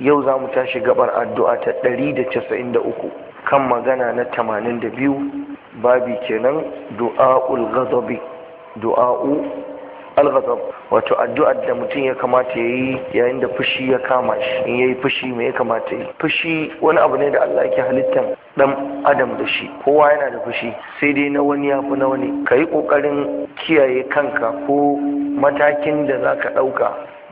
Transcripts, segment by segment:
yau za mu tashi gabar addu'a ta 193 kan magana na 82 babi kenan du'a'ul ghadabi du'a'u al-ghadab wato addu'ar da mutum ya kamata ya yi yayin da fushi ya kama shi in ya yi fushi me ya kamata yi fushi wani abu ne da Allah yake halittar dan adam da shi kowa yana da fushi sai dai na wani ya fi na wani ka yi ƙoƙarin kiyaye kanka ko matakin da za ka ɗauka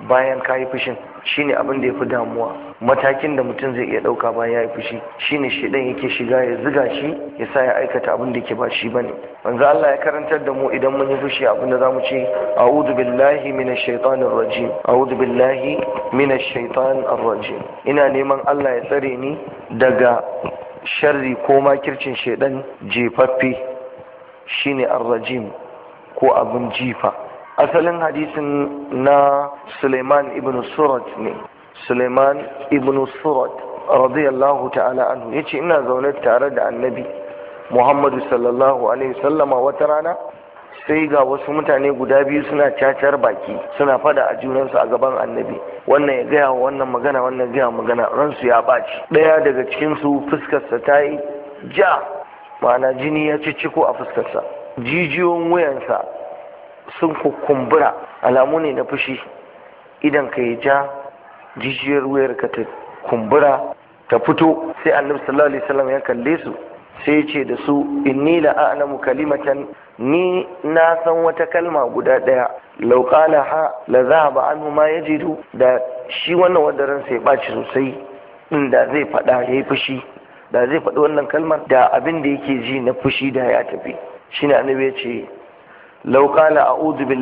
bayan ka yi fushin shine abin da ya fi damuwa matakin da mutum zai iya ɗauka bayan ya yi fushi shine shedan yake shiga ya ziga shi ya sa ya aikata abin da yake ba shi bane manzo Allah ya karantar da mu idan mun yi fushi abin da zamu ce a'udhu billahi minash shaitanir rajim a'udhu billahi minash shaitanir rajim ina neman Allah ya tsare ni daga sharri ko makircin shedan jefaffe shine ar-rajim ko abin jifa asalin hadisin na suleiman ibn surat ne suleiman ibn surat radiyallahu ta'ala anhu ya ce ina zaune tare da annabi muhammadu sallallahu alaihi sallama wata rana sai ga wasu mutane guda biyu suna cacar baki suna fada a junansu a gaban annabi wannan ya gaya wannan magana wannan gaya magana ransu ya ɓaci ɗaya daga cikinsu fuskarsa ta yi ja ma'ana jini ya ci ciko a fuskarsa Jijiyon wuyansa sun kumbura alamu ne na fushi idan ka yi ja jijiyar wuyar ka ta kumbura ta fito sai annabi sallallahu alaihi wasallam ya kalle su sai ya ce da su inni la a'lamu kalimatan ni na san wata kalma guda daya law qala ha la zahaba anhu ma yajidu da shi wannan wanda ran sai baci sosai da zai fada yayi fushi da zai faɗi wannan kalmar da abin da yake ji na fushi da ya tafi shine annabi ya ce law qala a'udhu